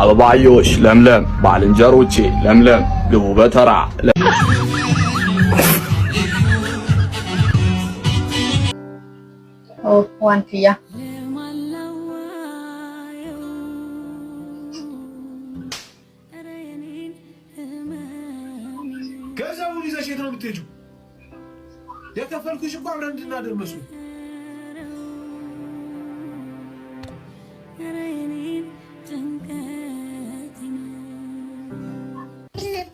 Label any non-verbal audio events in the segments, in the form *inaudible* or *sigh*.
አበባዮሽ ለምለም፣ ባልንጀሮቼ ለምለም፣ ግቡ በተራ ዋንትያ ከዛ ሁሉ ይዘሽ የት ነው የምትሄጂው? የከፈልኩሽ እኮ አብረን እንድናደር መስሎኝ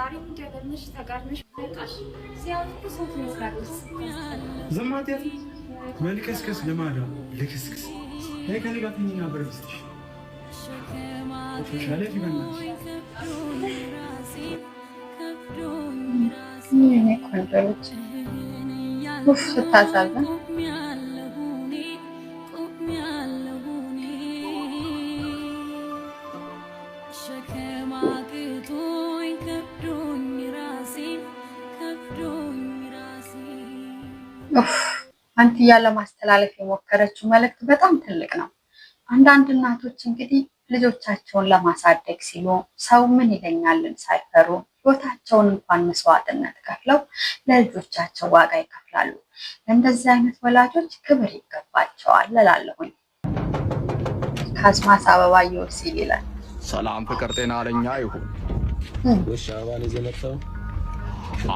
ዛሬ እንደለምሽ ተጋድመሽ መልከስከስ ልማዳ ልክስክስ ይሄ ከኔ ጋር ትኝና ሻለት ይበናል። ይህ ቆንጆ አንትያ ለማስተላለፍ የሞከረችው መልእክት በጣም ትልቅ ነው። አንዳንድ እናቶች እንግዲህ ልጆቻቸውን ለማሳደግ ሲሉ ሰው ምን ይለኛልን ሳይፈሩ ህይወታቸውን እንኳን መስዋዕትነት ከፍለው ለልጆቻቸው ዋጋ ይከፍላሉ። ለእንደዚህ አይነት ወላጆች ክብር ይገባቸዋል እላለሁኝ። ከአስማስ አበባ ይወር ሲል ይላል። ሰላም ፍቅር፣ ጤና ለኛ ይሁን።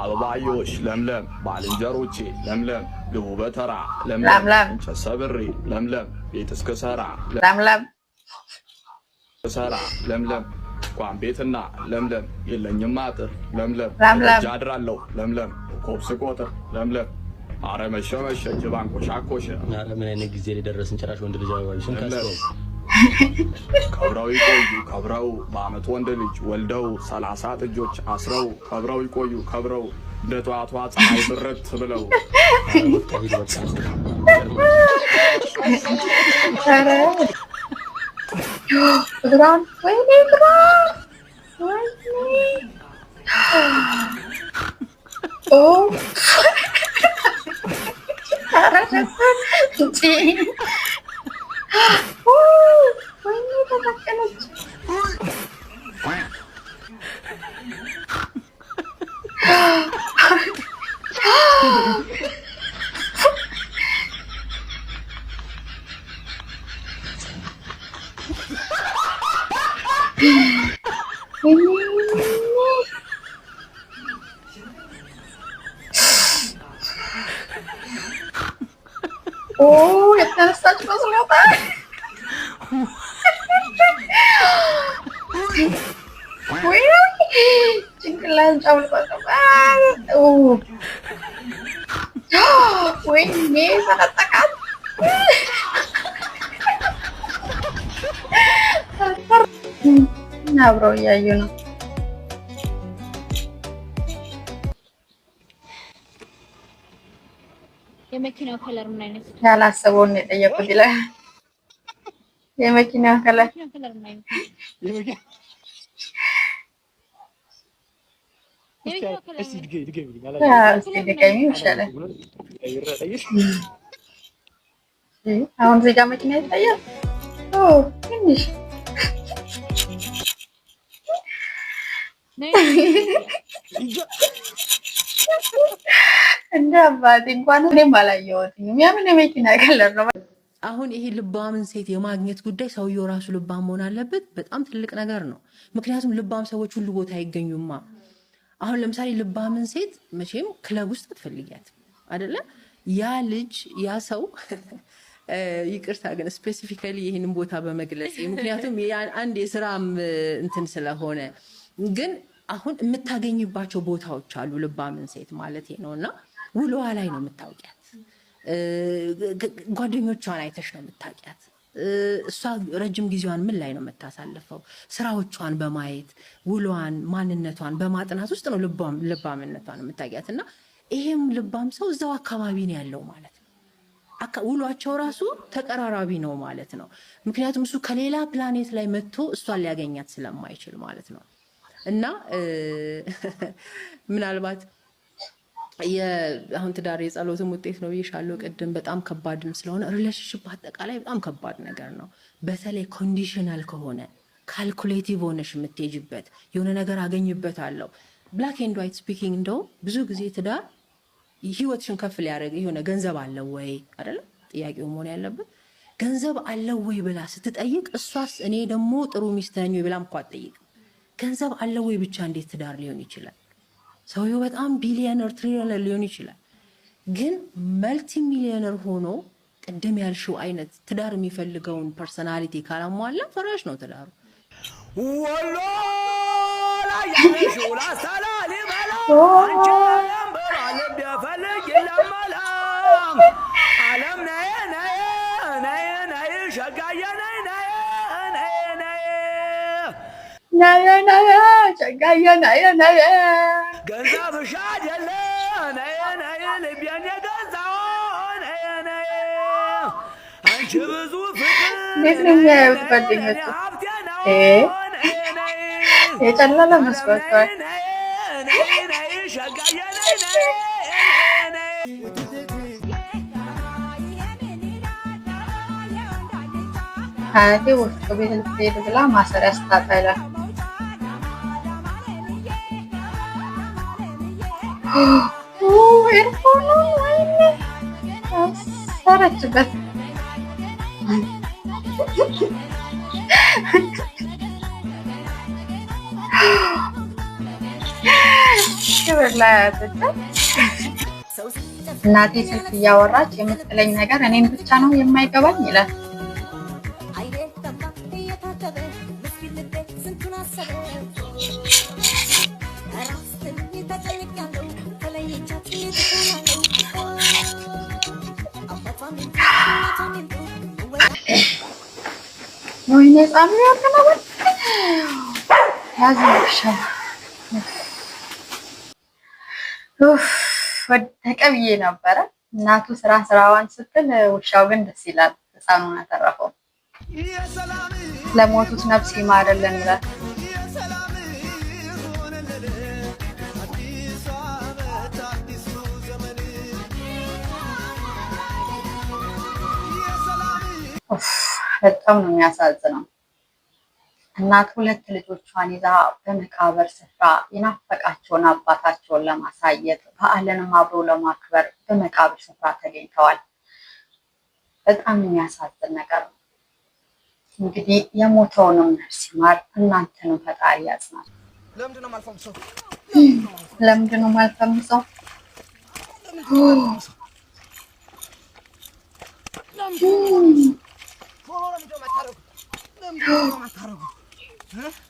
አበባ ይወሽ ለምለም ባልንጀሮቼ ለምለም በተራ ለምለም እንጨት ለምለም ቤት እስክሰራ ለምለም ሰራ ለምለም እንኳን ቤትና ለምለም የለኝም አጥር ለምለም ረጃ አድራለሁ ለምለም ኮብስ ቆጥር ለምለም አረ መሸመሸ ጅባን ቆሻቆሸ አረ ምን አይነት ጊዜ ሊደረስን ጭራሽ ወንድ ልጅ አባቢሽን ካስተው ከብረው ይቆዩ ከብረው በአመት ወንድ ልጅ ወልደው ሰላሳ ጥጆች አስረው ከብረው ይቆዩ ከብረው net wat wat, hij oh. *laughs* is eruit gelopen. Ik moet toch niet langs zijn. Tada! Oh, é interessante meus lendários. Ui, cinglante, olha o Ui, mesa da አብረው እያዩ ነው። የመኪናው ከለር ምን አይነት ያላሰበውን የጠየቁት ይላል። የመኪናው ከለር ይሻላል። አሁን እዚህ ጋ መኪና ይታያል ትንሽ እንደ አባት እንኳን እኔም አላየሁትም። ያምን የመኪና ቀለር ነው። አሁን ይሄ ልባምን ሴት የማግኘት ጉዳይ ሰውየው ራሱ ልባም መሆን አለበት። በጣም ትልቅ ነገር ነው። ምክንያቱም ልባም ሰዎች ሁሉ ቦታ አይገኙማ። አሁን ለምሳሌ ልባምን ሴት መቼም ክለብ ውስጥ አትፈልጊያት አይደለ? ያ ልጅ ያ ሰው *laughs* ይቅርታ ግን ስፔሲፊካሊ ይህንን ቦታ በመግለጽ ምክንያቱም አንድ የስራም እንትን ስለሆነ ግን አሁን የምታገኝባቸው ቦታዎች አሉ። ልባምን ሴት ማለት ነው እና ውሎዋ ላይ ነው የምታውቂያት። ጓደኞቿን አይተሽ ነው የምታውቂያት። እሷ ረጅም ጊዜዋን ምን ላይ ነው የምታሳልፈው? ስራዎቿን በማየት ውሎዋን፣ ማንነቷን በማጥናት ውስጥ ነው ልባምነቷን የምታውቂያት። እና ይሄም ልባም ሰው እዛው አካባቢ ነው ያለው ማለት ነው። ውሏቸው ራሱ ተቀራራቢ ነው ማለት ነው። ምክንያቱም እሱ ከሌላ ፕላኔት ላይ መጥቶ እሷን ሊያገኛት ስለማይችል ማለት ነው። እና ምናልባት አሁን ትዳር የጸሎትም ውጤት ነው ብዬሻለሁ ቅድም። በጣም ከባድም ስለሆነ ሪሌሽንሽፕ በአጠቃላይ በጣም ከባድ ነገር ነው። በተለይ ኮንዲሽናል ከሆነ ካልኩሌቲቭ ሆነሽ የምትሄጅበት የሆነ ነገር አገኝበታለሁ ብላክ ኤንድ ዋይት ስፒኪንግ። እንደውም ብዙ ጊዜ ትዳር ህይወትሽን ከፍ ሊያደርግ የሆነ ገንዘብ አለው ወይ አይደለም ጥያቄው መሆን ያለበት ገንዘብ አለው ወይ ብላ ስትጠይቅ፣ እሷስ እኔ ደግሞ ጥሩ ሚስት ነኝ ብላም እኮ አትጠይቅ ገንዘብ አለ ወይ ብቻ እንዴት ትዳር ሊሆን ይችላል? ሰውየው በጣም ቢሊዮነር ትሪሊዮነር ሊሆን ይችላል፣ ግን መልቲ ሚሊዮነር ሆኖ ቅድም ያልሽው አይነት ትዳር የሚፈልገውን ፐርሰናሊቲ ካላሟላ ፈራሽ ነው ትዳሩ። ወሎ ላይ ሸጋ ጨጋዬ ነይ ነይ የጨለለ መስሏቸዋል። አያቴ ወፍጮ ቤት እንድትሄድ ብላ ማሰሪያ ስታጣ ይላል ኤርፎኑ ወይኔ አሰረችበት። ክብር ላያዘች እናቴ ስልክ እያወራች የምትለኝ ነገር እኔን ብቻ ነው የማይገባኝ ይላል። ወይኔ ጻኑ ያልከናወን ያዝ ይሻል ኡፍ ወደቀ ብዬ ነበረ። እናቱ ስራ ስራዋን ስትል ውሻው ግን ደስ ይላል። ህፃኑን አተረፈው። ለሞቱት ነፍስ ይማርልን ብለን በጣም ነው የሚያሳዝነው። እናት ሁለት ልጆቿን ይዛ በመቃብር ስፍራ የናፈቃቸውን አባታቸውን ለማሳየት በዓልንም አብሮ ለማክበር በመቃብር ስፍራ ተገኝተዋል። በጣም የሚያሳዝን ነገር ነው። እንግዲህ የሞተውንም ነፍስ ይማር፣ እናንተንም ፈጣሪ ያጽናል። ለምንድን የማልፈምሰው? 뜯어먹 거만 다르고. 에?